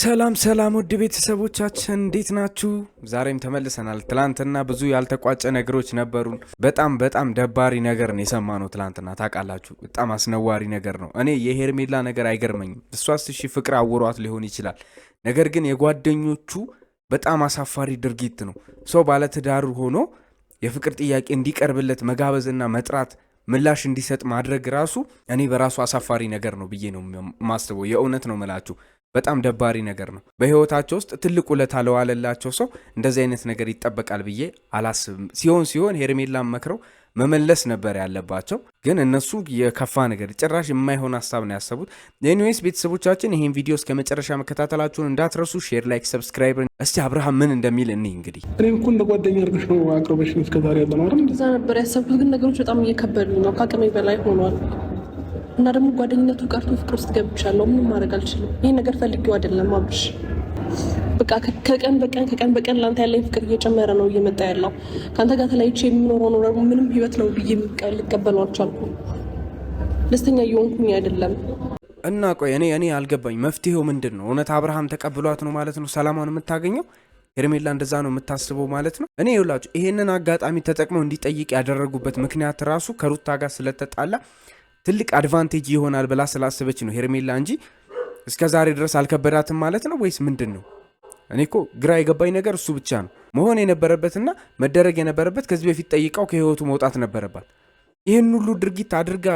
ሰላም ሰላም ውድ ቤተሰቦቻችን እንዴት ናችሁ? ዛሬም ተመልሰናል። ትላንትና ብዙ ያልተቋጨ ነገሮች ነበሩን። በጣም በጣም ደባሪ ነገር ነው የሰማነው ትላንትና። ታውቃላችሁ፣ በጣም አስነዋሪ ነገር ነው። እኔ የሄርሜላ ነገር አይገርመኝም። እሷ ስሺ ፍቅር አውሯት ሊሆን ይችላል። ነገር ግን የጓደኞቹ በጣም አሳፋሪ ድርጊት ነው። ሰው ባለትዳር ሆኖ የፍቅር ጥያቄ እንዲቀርብለት መጋበዝና መጥራት ምላሽ እንዲሰጥ ማድረግ ራሱ እኔ በራሱ አሳፋሪ ነገር ነው ብዬ ነው ማስበው። የእውነት ነው ምላችሁ በጣም ደባሪ ነገር ነው። በህይወታቸው ውስጥ ትልቅ ውለታ ለዋለላቸው ሰው እንደዚህ አይነት ነገር ይጠበቃል ብዬ አላስብም። ሲሆን ሲሆን ሄርሜላን መክረው መመለስ ነበር ያለባቸው፣ ግን እነሱ የከፋ ነገር ጭራሽ የማይሆን ሀሳብ ነው ያሰቡት። ኤኒዌይስ ቤተሰቦቻችን ይህን ቪዲዮ እስከ መጨረሻ መከታተላችሁን እንዳትረሱ፣ ሼር፣ ላይክ፣ ሰብስክራይብ። እስቲ አብርሃም ምን እንደሚል እኔ እንግዲህ እኔ እኮ እንደ ጓደኛ አድርገሽ ነው አቅርበሽ እስከዛሬ ያለ ነው። እንደዛ ነበር ያሰብኩት፣ ግን ነገሮች በጣም እየከበዱ ነው፣ ከአቅሜ በላይ ሆኗል። እና ደግሞ ጓደኝነቱ ቀርቶ ፍቅር ውስጥ ገብቻለሁ። ምንም ማድረግ አልችልም። ይህ ነገር ፈልጌው አይደለም አብርሽ። በቃ ከቀን በቀን ከቀን በቀን ለአንተ ያለኝ ፍቅር እየጨመረ ነው እየመጣ ያለው። ከአንተ ጋር ተለያይቼ የምኖረው ነው ደግሞ ምንም ህይወት ነው ብዬ ልቀበለው አልቻልኩም። ደስተኛ እየሆንኩኝ አይደለም። እና ቆይ እኔ እኔ አልገባኝ መፍትሄው ምንድን ነው? እውነት አብርሃም ተቀብሏት ነው ማለት ነው ሰላማን የምታገኘው? ሄርሜላ እንደዛ ነው የምታስበው ማለት ነው። እኔ ይውላችሁ ይሄንን አጋጣሚ ተጠቅመው እንዲጠይቅ ያደረጉበት ምክንያት ራሱ ከሩታ ጋር ስለተጣላ ትልቅ አድቫንቴጅ ይሆናል ብላ ስላሰበች ነው ሄርሜላ እንጂ እስከ ዛሬ ድረስ አልከበዳትም ማለት ነው ወይስ ምንድን ነው? እኔ እኮ ግራ የገባኝ ነገር እሱ ብቻ ነው። መሆን የነበረበትና መደረግ የነበረበት ከዚህ በፊት ጠይቀው ከህይወቱ መውጣት ነበረባት። ይህን ሁሉ ድርጊት አድርጋ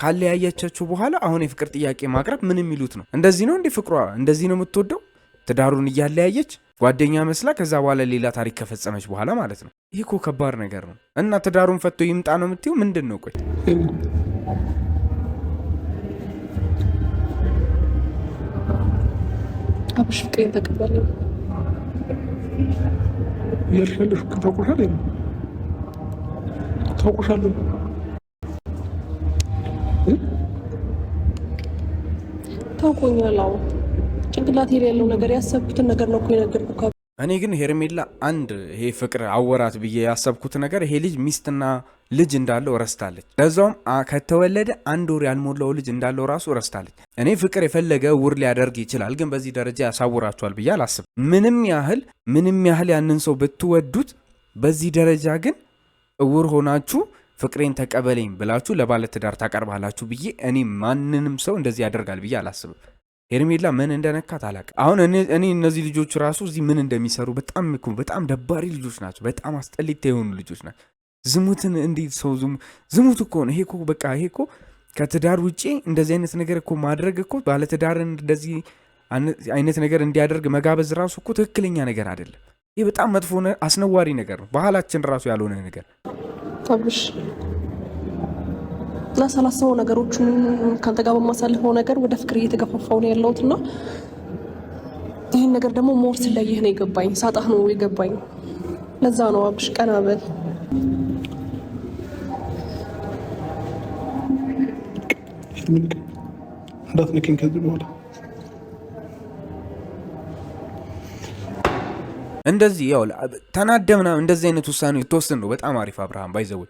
ካለያያቻቸው በኋላ አሁን የፍቅር ጥያቄ ማቅረብ ምን የሚሉት ነው? እንደዚህ ነው እንዲህ ፍቅሯ እንደዚህ ነው የምትወደው ትዳሩን እያለያየች ጓደኛ መስላ ከዛ በኋላ ሌላ ታሪክ ከፈጸመች በኋላ ማለት ነው። ይህ እኮ ከባድ ነገር ነው። እና ትዳሩን ፈቶ ይምጣ ነው የምትይው? ምንድን ነው ቆይ አብሽ ፍቅሬን ተቀበለ ያልሻለሽ ታውቆሻል ታውቆሻል ታውቆኛል። አዎ ጭንቅላት ያለው ነገር ያሰብኩትን ነገር ነው እኮ የነገርኩህ። እኔ ግን ሄርሜላ አንድ ይሄ ፍቅር አወራት ብዬ ያሰብኩት ነገር ይሄ ልጅ ሚስትና ልጅ እንዳለው ረስታለች። ለዛውም ከተወለደ አንድ ወር ያልሞላው ልጅ እንዳለው ራሱ ረስታለች። እኔ ፍቅር የፈለገ ውር ሊያደርግ ይችላል፣ ግን በዚህ ደረጃ ያሳውራቸዋል ብዬ አላስብ። ምንም ያህል ምንም ያህል ያንን ሰው ብትወዱት፣ በዚህ ደረጃ ግን እውር ሆናችሁ ፍቅሬን ተቀበለኝ ብላችሁ ለባለትዳር ታቀርባላችሁ ብዬ እኔ ማንንም ሰው እንደዚህ ያደርጋል ብዬ አላስብም። ሄርሜላ ምን እንደነካት አላውቅም። አሁን እኔ እነዚህ ልጆች ራሱ እዚህ ምን እንደሚሰሩ በጣም በጣም ደባሪ ልጆች ናቸው። በጣም አስጠሊታ የሆኑ ልጆች ናቸው። ዝሙትን እንዴት ሰው ዝሙት እኮ ነው ይሄ በቃ ይሄ እኮ ከትዳር ውጪ እንደዚህ አይነት ነገር እኮ ማድረግ እኮ ባለትዳርን እንደዚህ አይነት ነገር እንዲያደርግ መጋበዝ ራሱ እኮ ትክክለኛ ነገር አይደለም። ይህ በጣም መጥፎ አስነዋሪ ነገር ነው፣ ባህላችን ራሱ ያልሆነ ነገር ተብሽ ላሰላሰው ነገሮቹን ከአንተ ጋር በማሳልፈው ነገር ወደ ፍቅር እየተገፋፋው ነው ያለሁት እና ይህን ነገር ደግሞ ሞር ስለይህ ነው የገባኝ፣ ሳጣህ ነው የገባኝ። ለዛ ነው አብሽ ቀና በል እንዳትንቅ እንዳትንቅኝ ከዚህ በኋላ እንደዚህ ያው ተናደ ምናምን እንደዚህ አይነት ውሳኔ ተወስን ነው በጣም አሪፍ አብርሃም ባይዘወይ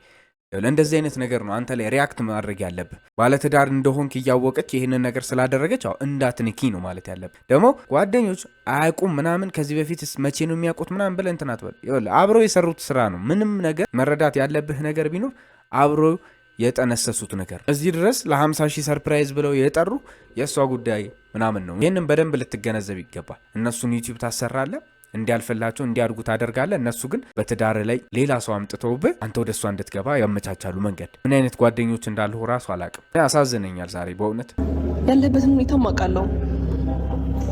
እንደዚህ አይነት ነገር ነው አንተ ላይ ሪያክት ማድረግ ያለብህ። ባለትዳር እንደሆንክ እያወቀች ይህንን ነገር ስላደረገች አዎ እንዳትንኪ ነው ማለት ያለብህ። ደግሞ ጓደኞች አያውቁም ምናምን ከዚህ በፊት መቼ ነው የሚያውቁት ምናምን ብለህ እንትን አትበል። አብረው የሰሩት ስራ ነው። ምንም ነገር መረዳት ያለብህ ነገር ቢኖር አብረው የጠነሰሱት ነገር እዚህ ድረስ ለ50 ሺህ ሰርፕራይዝ ብለው የጠሩ የእሷ ጉዳይ ምናምን ነው። ይህንን በደንብ ልትገነዘብ ይገባል። እነሱን ዩቲዩብ ታሰራለ እንዲያልፈላቸው እንዲያድጉ ታደርጋለህ። እነሱ ግን በትዳር ላይ ሌላ ሰው አምጥተውብህ አንተ ወደ እሷ እንድትገባ ያመቻቻሉ መንገድ። ምን አይነት ጓደኞች እንዳለሁ ራሱ አላውቅም። ያሳዝነኛል። ዛሬ በእውነት ያለበትን ሁኔታ አውቃለሁ፣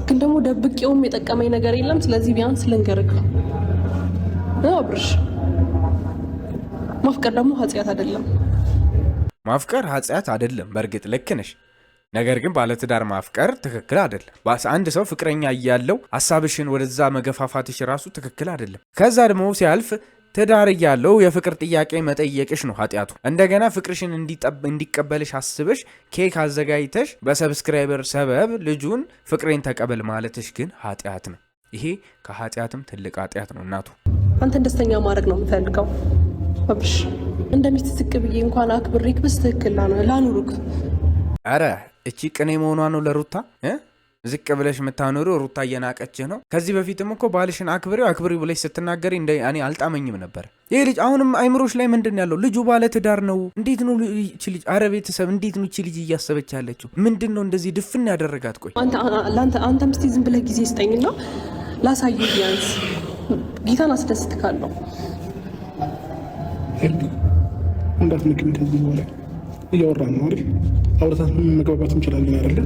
ግን ደግሞ ደብቄውም የጠቀመኝ ነገር የለም። ስለዚህ ቢያንስ ልንገርህ አብርሽ፣ ማፍቀር ደግሞ ኃጢአት አይደለም። ማፍቀር ኃጢአት አይደለም። በእርግጥ ልክ ነሽ። ነገር ግን ባለትዳር ማፍቀር ትክክል አይደለም። አንድ ሰው ፍቅረኛ እያለው ሀሳብሽን ወደዛ መገፋፋትሽ ራሱ ትክክል አይደለም። ከዛ ደግሞ ሲያልፍ ትዳር እያለው የፍቅር ጥያቄ መጠየቅሽ ነው ኃጢአቱ። እንደገና ፍቅርሽን እንዲቀበልሽ አስበሽ ኬክ አዘጋጅተሽ በሰብስክራይበር ሰበብ ልጁን ፍቅሬን ተቀበል ማለትሽ ግን ኃጢአት ነው። ይሄ ከኃጢአትም ትልቅ ኃጢአት ነው። እናቱ አንተን ደስተኛ ማድረግ ነው የምፈልገው አብርሽ እንደሚስት ዝቅ ብዬ እንኳን አክብሬክ ብስ ትክክል ላኑሩክ። አረ እቺ ቅኔ መሆኗ ነው ለሩታ ዝቅ ብለሽ የምታኖሩ ሩታ እየናቀች ነው። ከዚህ በፊትም እኮ ባልሽን አክብሬው አክብሪ ብለሽ ስትናገሪ እንደ እኔ አልጣመኝም ነበር። ይህ ልጅ አሁንም አይምሮች ላይ ምንድን ያለው ልጁ ባለ ትዳር ነው። እንዴት ነው እቺ ልጅ አረ ቤተሰብ እንዴት ነው እቺ ልጅ እያሰበች ያለችው? ምንድን ነው እንደዚህ ድፍን ያደረጋት? ቆይ አንተም እስቲ ዝም ብለህ ጊዜ ስጠኝና ላሳየህ ቢያንስ ጌታን አስደስትካለሁ እንዳትንቅም ከዚህ በኋላ እያወራን ነው አይደል? አውርታት መግባባት እንችላለን አይደለ?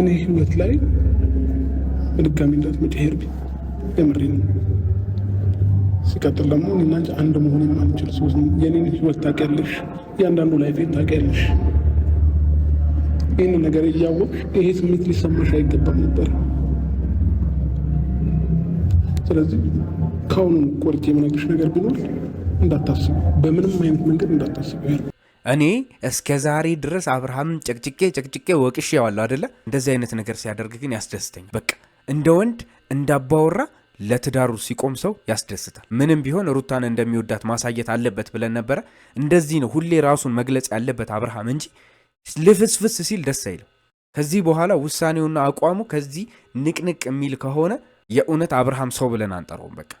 እኔ ህይወት ላይ በድጋሚ እንዳትመጪ ሄርቢ፣ የምሬ ነው። ሲቀጥል ደግሞ እና አንድ መሆን የማንችል ሰዎች የኔን ህይወት ታውቂያለሽ፣ እያንዳንዱ ላይፍ ታውቂያለሽ። ይህን ነገር እያወቅሽ ይሄ ስሜት ሊሰማሽ አይገባም ነበር። ስለዚህ ከአሁኑ ቆርጬ የምነግርሽ ነገር ቢኖር እንዳታስቡ፣ በምንም አይነት መንገድ እንዳታስቡ። እኔ እስከ ዛሬ ድረስ አብርሃምን ጨቅጭቄ ጨቅጭቄ ያዋለሁ አደለ? እንደዚህ አይነት ነገር ሲያደርግ ግን ያስደስተኛል። በቃ እንደ ወንድ እንዳባወራ ለትዳሩ ሲቆም ሰው ያስደስታል። ምንም ቢሆን ሩታን እንደሚወዳት ማሳየት አለበት ብለን ነበረ። እንደዚህ ነው ሁሌ ራሱን መግለጽ ያለበት አብርሃም እንጂ ልፍስፍስ ሲል ደስ አይለው ከዚህ በኋላ ውሳኔውና አቋሙ ከዚህ ንቅንቅ የሚል ከሆነ የእውነት አብርሃም ሰው ብለን አንጠረውም። በቃ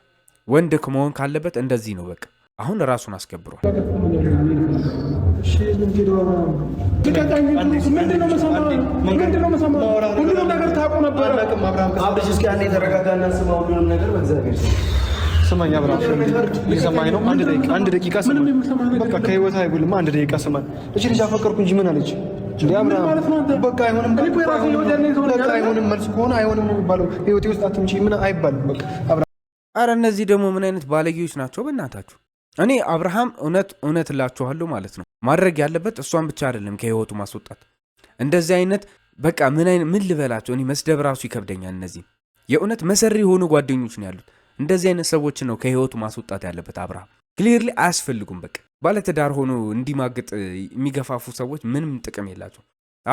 ወንድ መሆን ካለበት እንደዚህ ነው በቃ አሁን ራሱን አስከብሯል። ስማኝ አብርሃም፣ ነው? አንድ ደቂቃ አንድ ደቂቃ ስማኝ። በቃ ከህይወት አይጉልም። አንድ ደቂቃ ስማኝ። እቺ ልጅ አፈቀርኩ እንጂ ምን አለች? አረ፣ እነዚህ ደግሞ ምን አይነት ባለጌዎች ናቸው በእናታችሁ! እኔ አብርሃም እውነት እውነት እላችኋለሁ ማለት ነው ማድረግ ያለበት እሷን ብቻ አይደለም ከህይወቱ ማስወጣት። እንደዚህ አይነት በቃ ምን ምን ልበላቸው እኔ መስደብ ራሱ ይከብደኛል። እነዚህ የእውነት መሰሪ የሆኑ ጓደኞች ነው ያሉት። እንደዚህ አይነት ሰዎች ነው ከህይወቱ ማስወጣት ያለበት አብርሃም። ክሊርሊ አያስፈልጉም። በቃ ባለትዳር ሆኖ እንዲማግጥ የሚገፋፉ ሰዎች ምንም ጥቅም የላቸው።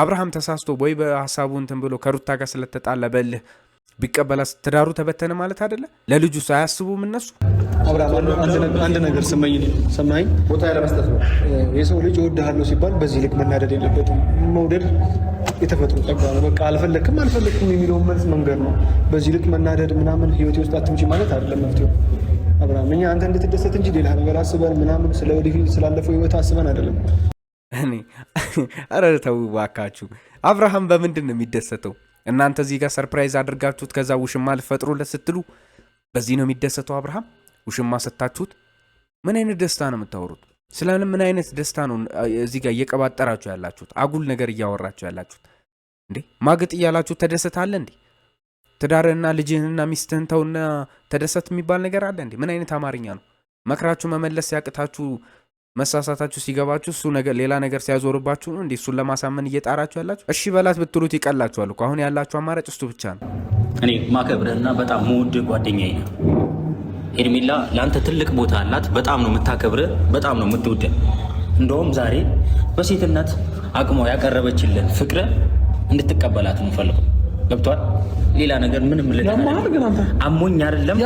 አብርሃም ተሳስቶ ወይ በሀሳቡ እንትን ብሎ ከሩታ ጋር ስለተጣላ በልህ ቢቀበላስ ትዳሩ ተበተነ ማለት አይደለ? ለልጁ ሳያስቡም እነሱ። አንድ ነገር ስመኝ ሰማኝ ቦታ ያለመስጠት ነው። የሰው ልጅ እወድሃለሁ ሲባል በዚህ ልክ መናደድ የለበትም። መውደድ የተፈጥሮ ጸጋ ነው። በቃ አልፈለግክም አልፈለግክም የሚለውን መልስ መንገድ ነው። በዚህ ልክ መናደድ ምናምን ህይወቴ ውስጥ አትምጪ ማለት አይደለም መፍትሄው። አብርሃም እኛ አንተ እንድትደሰት እንጂ ሌላ ነገር አስበን ምናምን ስለ ወደፊት ስላለፈው ህይወት አስበን አይደለም። እኔ ኧረ ተው እባካችሁ። አብርሃም በምንድን ነው የሚደሰተው? እናንተ እዚህ ጋር ሰርፕራይዝ አድርጋችሁት ከዛ ውሽማ ልፈጥሩለት ስትሉ በዚህ ነው የሚደሰተው አብርሃም። ውሽማ ሰታችሁት ምን አይነት ደስታ ነው የምታወሩት? ስለምን ምን አይነት ደስታ ነው እዚህ ጋር እየቀባጠራችሁ ያላችሁት? አጉል ነገር እያወራችሁ ያላችሁት እንዴ? ማግጥ እያላችሁ ተደሰታለ እንዴ? ትዳርህና ልጅህንና ሚስትህን ተውና ተደሰት የሚባል ነገር አለ እንዴ? ምን አይነት አማርኛ ነው? መክራችሁ መመለስ ያቅታችሁ መሳሳታችሁ ሲገባችሁ እሱ ነገር ሌላ ነገር ሲያዞርባችሁ ነው እንዴ እሱን ለማሳመን እየጣራችሁ ያላችሁ? እሺ በላት ብትሉት ይቀላችኋል እኮ። አሁን ያላችሁ አማራጭ እሱ ብቻ ነው። እኔ ማከብርህና በጣም መውድ ጓደኛዬ ነው ሄርሜላ። ለአንተ ትልቅ ቦታ አላት። በጣም ነው የምታከብርህ፣ በጣም ነው የምትወደህ። እንደውም ዛሬ በሴትነት አቅሟ ያቀረበችልን ፍቅር እንድትቀበላት ነው ፈልገው ገብቷል። ሌላ ነገር ምንም አሞኝ አይደለም።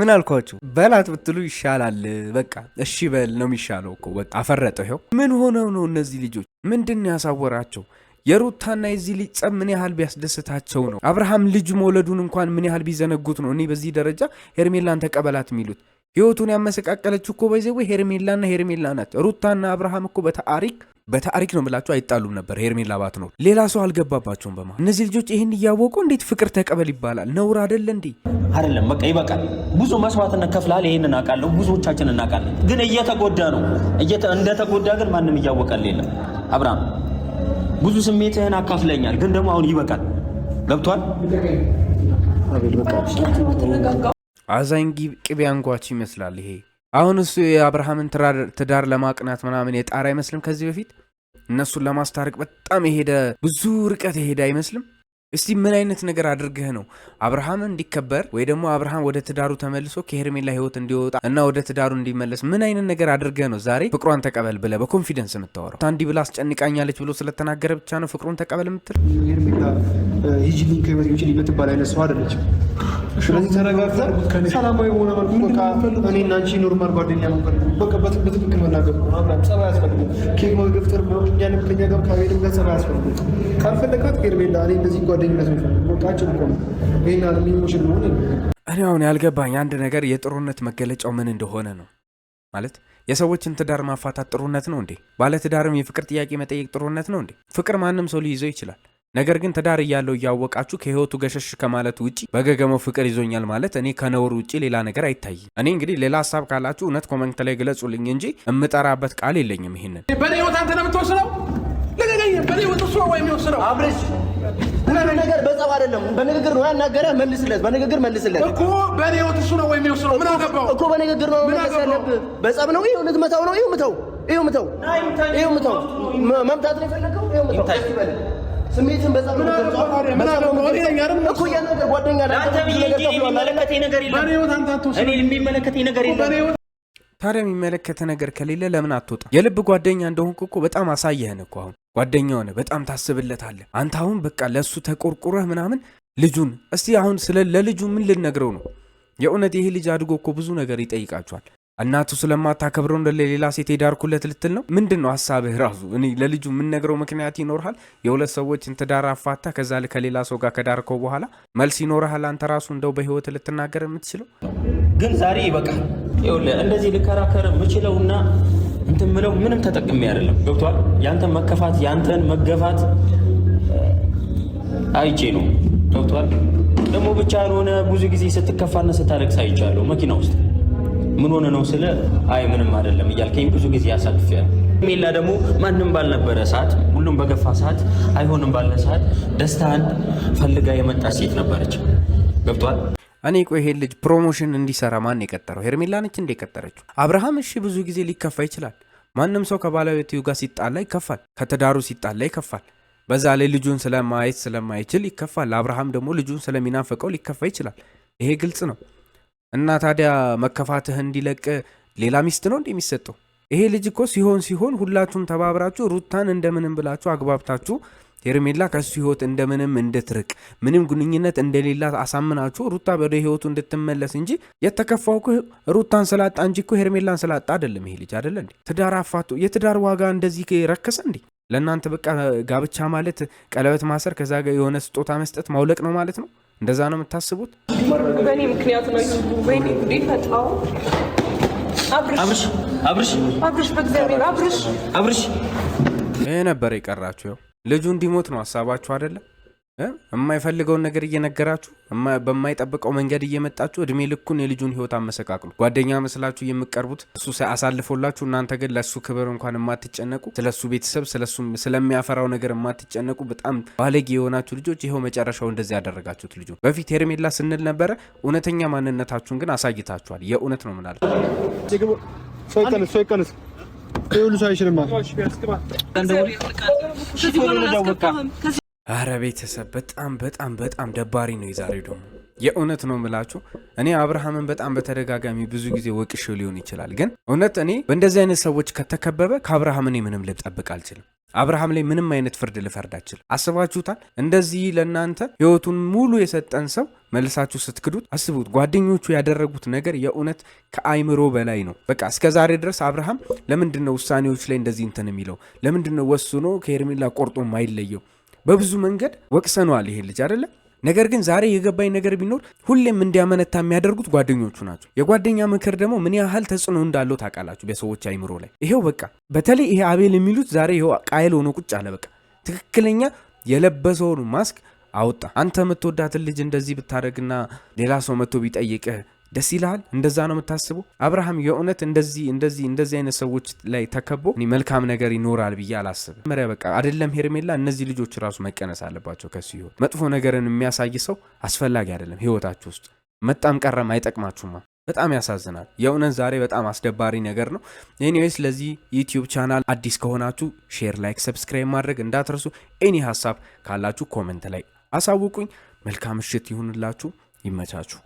ምን አልኳቸው? በላት ብትሉ ይሻላል። በቃ እሺ በል ነው የሚሻለው እኮ በቃ አፈረጠ። ይኸው ምን ሆነው ነው እነዚህ ልጆች? ምንድን ያሳወራቸው? የሩታና የዚህ ልጅ ጸብ ምን ያህል ቢያስደስታቸው ነው? አብርሃም ልጅ መውለዱን እንኳን ምን ያህል ቢዘነጉት ነው? እኔ በዚህ ደረጃ ሄርሜላን ተቀበላት የሚሉት ህይወቱን ያመሰቃቀለችው እኮ በዚህ ሄርሜላና ሄርሜላ ናት። ሩታና አብርሃም እኮ በታሪክ በታሪክ ነው የምላቸው አይጣሉም ነበር። ሄርሜላ ባት ነው ሌላ ሰው አልገባባቸውም። በማ እነዚህ ልጆች ይህን እያወቁ እንዴት ፍቅር ተቀበል ይባላል? ነውር አደለ እንዴ? አይደለም። በቃ ይበቃል። ብዙ መስዋዕትነት ከፍላል። ይህን እናውቃለሁ፣ ብዙዎቻችን እናውቃለን። ግን እየተጎዳ ነው። እንደተጎዳ ግን ማንም እያወቀል የለም። አብርሃም ብዙ ስሜትህን አካፍለኛል፣ ግን ደግሞ አሁን ይበቃል። ገብቷል። አዛኝ ቅቤ አንጓች ይመስላል ይሄ አሁን እሱ የአብርሃምን ትዳር ለማቅናት ምናምን የጣር አይመስልም። ከዚህ በፊት እነሱን ለማስታረቅ በጣም የሄደ ብዙ ርቀት የሄደ አይመስልም። እስቲ ምን አይነት ነገር አድርገህ ነው አብርሃም እንዲከበር ወይ ደግሞ አብርሃም ወደ ትዳሩ ተመልሶ ከሄርሜላ ህይወት እንዲወጣ እና ወደ ትዳሩ እንዲመለስ ምን አይነት ነገር አድርገህ ነው ዛሬ ፍቅሯን ተቀበል ብለህ በኮንፊደንስ የምታወራው? አንዲ ብላ አስጨንቃኛለች ብሎ ስለተናገረ ብቻ ነው ፍቅሩን ተቀበል የምትል? ሄርሜላ ሂጂልኝ ከህይወት ውጭ የምትባል አይነት ሰው አይደለችም። ስለዚህ ተረጋግተን ሰላማዊ በሆነ መልኩ እኔ እና አንቺ ኖርማል ጓደኛ ነው ከ በትክክል መናገር ነው። አብራም ጸባይ አያስፈልግም። ኬክ መገፍተር ምናምን እኛ ከኛ ጋር ከቤድም ጋር ጸባይ አያስፈልግም። ካልፈለግካት ሄርሜላ እኔ እንደዚህ ጓደኝነት ነው በቃ ጭን እኮ ነው ይህን ሚሞሽን ነው። እኔ አሁን ያልገባኝ አንድ ነገር የጥሩነት መገለጫው ምን እንደሆነ ነው ማለት የሰዎችን ትዳር ማፋታት ጥሩነት ነው እንዴ? ባለትዳርም የፍቅር ጥያቄ መጠየቅ ጥሩነት ነው እንዴ? ፍቅር ማንም ሰው ሊይዘው ይችላል። ነገር ግን ትዳር እያለው እያወቃችሁ ከህይወቱ ገሸሽ ከማለት ውጭ በገገመው ፍቅር ይዞኛል ማለት እኔ ከነውር ውጭ ሌላ ነገር አይታይም። እኔ እንግዲህ ሌላ ሀሳብ ካላችሁ እውነት ኮመንት ላይ ግለጹልኝ እንጂ የምጠራበት ቃል የለኝም። ይህንን በእኔ ህይወት አንተ ነው የምትወስነው፣ በእኔ ህይወት እሱ ነው የሚወስነው። አብረሽ ምንም ነገር በጸብ አይደለም፣ በንግግር ነው ያናገረ። መልስለት፣ በንግግር መልስለት እኮ በእኔ ህይወት እሱ ነው የሚወስነው። ምን አገባው እኮ በንግግር ነው መልስ ያለብህ። በጸብ ነው ይሁን ልትመታው ነው ይኸው፣ ምታው፣ ይኸው ምታው፣ ይኸው ምታው። መምታት ነው የፈለገው፣ ይሁን ምተው፣ ይሁን ምተው፣ ይሁን ምተው። መምታት ነው የፈለገው ይሁን ምተው። ስሜትን በዛ ምን ጓደኛ ታዲያ የሚመለከተ ነገር ከሌለ ለምን አትወጣ? የልብ ጓደኛ እንደሆንክ እኮ በጣም አሳየህን እኮ። አሁን ጓደኛ ሆነ በጣም ታስብለታለህ አንተ። አሁን በቃ ለእሱ ተቆርቁረህ ምናምን ልጁን እስቲ አሁን ስለ ለልጁ ምን ልነግረው ነው? የእውነት ይሄ ልጅ አድጎ እኮ ብዙ ነገር ይጠይቃችኋል። እናቱ ስለማታከብረው እንደ ሌላ ሴት የዳርኩለት ልትል ነው? ምንድን ነው ሀሳብህ? ራሱ እኔ ለልጁ የምነግረው ምክንያት ይኖርሃል? የሁለት ሰዎችን ትዳር አፋታ ከዛ ከሌላ ሰው ጋር ከዳርከው በኋላ መልስ ይኖርሃል? አንተ ራሱ እንደው በህይወት ልትናገር የምትችለው ግን ዛሬ ይበቃል። ይኸውልህ እንደዚህ ልከራከር የምችለውና እንትን ምለው ምንም ተጠቅሜ አይደለም። ገብቷል? ያንተን መከፋት ያንተን መገፋት አይቼ ነው። ገብቷል? ደግሞ ብቻ ሆነ ብዙ ጊዜ ስትከፋና ስታለቅስ አይቻለሁ መኪና ውስጥ ምን ሆነ ነው ስለ አይ ምንም አይደለም እያልከኝ ብዙ ጊዜ አሳልፌያለሁ። ሜላ ደግሞ ማንም ባልነበረ ሰዓት፣ ሁሉም በገፋ ሰዓት፣ አይሆንም ባለ ሰዓት ደስታን ፈልጋ የመጣች ሴት ነበረች። ገብቷል እኔ ቆይ ይሄን ልጅ ፕሮሞሽን እንዲሰራ ማን የቀጠረው? ሄርሜላ ነች እንደ የቀጠረችው። አብርሃም እሺ ብዙ ጊዜ ሊከፋ ይችላል። ማንም ሰው ከባለቤቱ ጋር ሲጣላ ይከፋል፣ ከተዳሩ ሲጣላ ይከፋል። በዛ ላይ ልጁን ስለማየት ስለማይችል ይከፋል። አብርሃም ደግሞ ልጁን ስለሚናፈቀው ሊከፋ ይችላል። ይሄ ግልጽ ነው። እና ታዲያ መከፋትህ እንዲለቅ ሌላ ሚስት ነው እንዴ የሚሰጠው? ይሄ ልጅ እኮ ሲሆን ሲሆን ሁላችሁም ተባብራችሁ ሩታን እንደምንም ብላችሁ አግባብታችሁ ሄርሜላ ከሱ ህይወት እንደምንም እንድትርቅ ምንም ግንኙነት እንደሌላት አሳምናችሁ ሩታ ወደ ህይወቱ እንድትመለስ እንጂ የተከፋው እኮ ሩታን ስላጣ እንጂ እኮ ሄርሜላን ስላጣ አይደለም። ይሄ ልጅ አይደለ እንዴ? ትዳር አፋቱ የትዳር ዋጋ እንደዚህ ረከሰ እንዴ? ለእናንተ በቃ ጋብቻ ማለት ቀለበት ማሰር፣ ከዛ የሆነ ስጦታ መስጠት ማውለቅ ነው ማለት ነው። እንደዛ ነው የምታስቡት? በእኔ ምክንያት ነው። ይህ ነበር የቀራችሁ። ልጁ እንዲሞት ነው ሀሳባችሁ አይደለም? የማይፈልገውን ነገር እየነገራችሁ በማይጠብቀው መንገድ እየመጣችሁ እድሜ ልኩን የልጁን ህይወት አመሰቃቅሉ። ጓደኛ መስላችሁ የምቀርቡት እሱ አሳልፎላችሁ፣ እናንተ ግን ለእሱ ክብር እንኳን የማትጨነቁ ስለሱ ቤተሰብ ስለሚያፈራው ነገር የማትጨነቁ በጣም ባለጌ የሆናችሁ ልጆች ይኸው መጨረሻው እንደዚህ ያደረጋችሁት ልጁ። በፊት ሄርሜላ ስንል ነበረ፣ እውነተኛ ማንነታችሁን ግን አሳይታችኋል። የእውነት ነው ምናለ አረ ቤተሰብ በጣም በጣም በጣም ደባሪ ነው የዛሬው። ደግሞ የእውነት ነው ምላችሁ። እኔ አብርሃምን በጣም በተደጋጋሚ ብዙ ጊዜ ወቅሼው ሊሆን ይችላል፣ ግን እውነት እኔ በእንደዚህ አይነት ሰዎች ከተከበበ ከአብርሃም እኔ ምንም ልጠብቅ አልችልም። አብርሃም ላይ ምንም አይነት ፍርድ ልፈርድ አልችልም። አስባችሁታል? እንደዚህ ለእናንተ ህይወቱን ሙሉ የሰጠን ሰው መልሳችሁ ስትክዱት አስቡት። ጓደኞቹ ያደረጉት ነገር የእውነት ከአይምሮ በላይ ነው። በቃ እስከ ዛሬ ድረስ አብርሃም ለምንድን ነው ውሳኔዎች ላይ እንደዚህ እንትን የሚለው? ለምንድን ነው ወስኖ ከሄርሜላ ቆርጦ ማይለየው? በብዙ መንገድ ወቅሰነዋል ይሄ ልጅ አይደለም። ነገር ግን ዛሬ የገባኝ ነገር ቢኖር ሁሌም እንዲያመነታ የሚያደርጉት ጓደኞቹ ናቸው። የጓደኛ ምክር ደግሞ ምን ያህል ተጽዕኖ እንዳለው ታውቃላችሁ በሰዎች አይምሮ ላይ። ይሄው በቃ በተለይ ይሄ አቤል የሚሉት ዛሬ ይሄው ቃየል ሆኖ ቁጭ አለ። በቃ ትክክለኛ የለበሰውን ማስክ አውጣ። አንተ የምትወዳትን ልጅ እንደዚህ ብታደረግና ሌላ ሰው መጥቶ ቢጠይቅህ ደስ ይልሃል? እንደዛ ነው የምታስበው? አብርሃም የእውነት እንደዚህ እንደዚህ እንደዚህ አይነት ሰዎች ላይ ተከቦ መልካም ነገር ይኖራል ብዬ አላስብም። መሪያ በቃ አይደለም ሄርሜላ፣ እነዚህ ልጆች ራሱ መቀነስ አለባቸው ከሱ ህይወት። መጥፎ ነገርን የሚያሳይ ሰው አስፈላጊ አይደለም ህይወታችሁ ውስጥ መጣም ቀረም አይጠቅማችሁማ። በጣም ያሳዝናል። የእውነት ዛሬ በጣም አስደባሪ ነገር ነው። ኤኒዌይስ ስለዚህ ዩቲዩብ ቻናል አዲስ ከሆናችሁ ሼር፣ ላይክ፣ ሰብስክራይብ ማድረግ እንዳትረሱ። ኤኒ ሀሳብ ካላችሁ ኮመንት ላይ አሳውቁኝ። መልካም ምሽት ይሁንላችሁ። ይመቻችሁ።